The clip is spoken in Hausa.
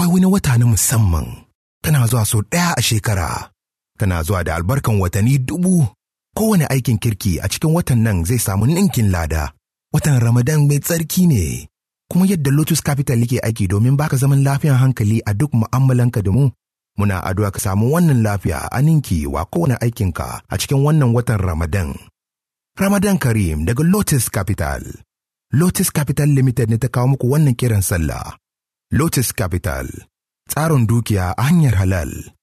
akwai wani wata na musamman tana zuwa sau ɗaya a shekara tana zuwa da albarkan watanni dubu kowane aikin kirki a cikin watan nan zai samu ninkin lada watan ramadan mai tsarki ne kuma yadda lotus capital yake aiki domin baka zaman lafiyan hankali a duk mu'amalanka da mu muna addu'a ka samu wannan lafiya a ninki wa kowane aikinka a cikin wannan watan ramadan ramadan karim daga lotus capital lotus capital limited ne ta kawo muku wannan kiran sallah Lotus Capital, tsarin dukiya a hanyar halal.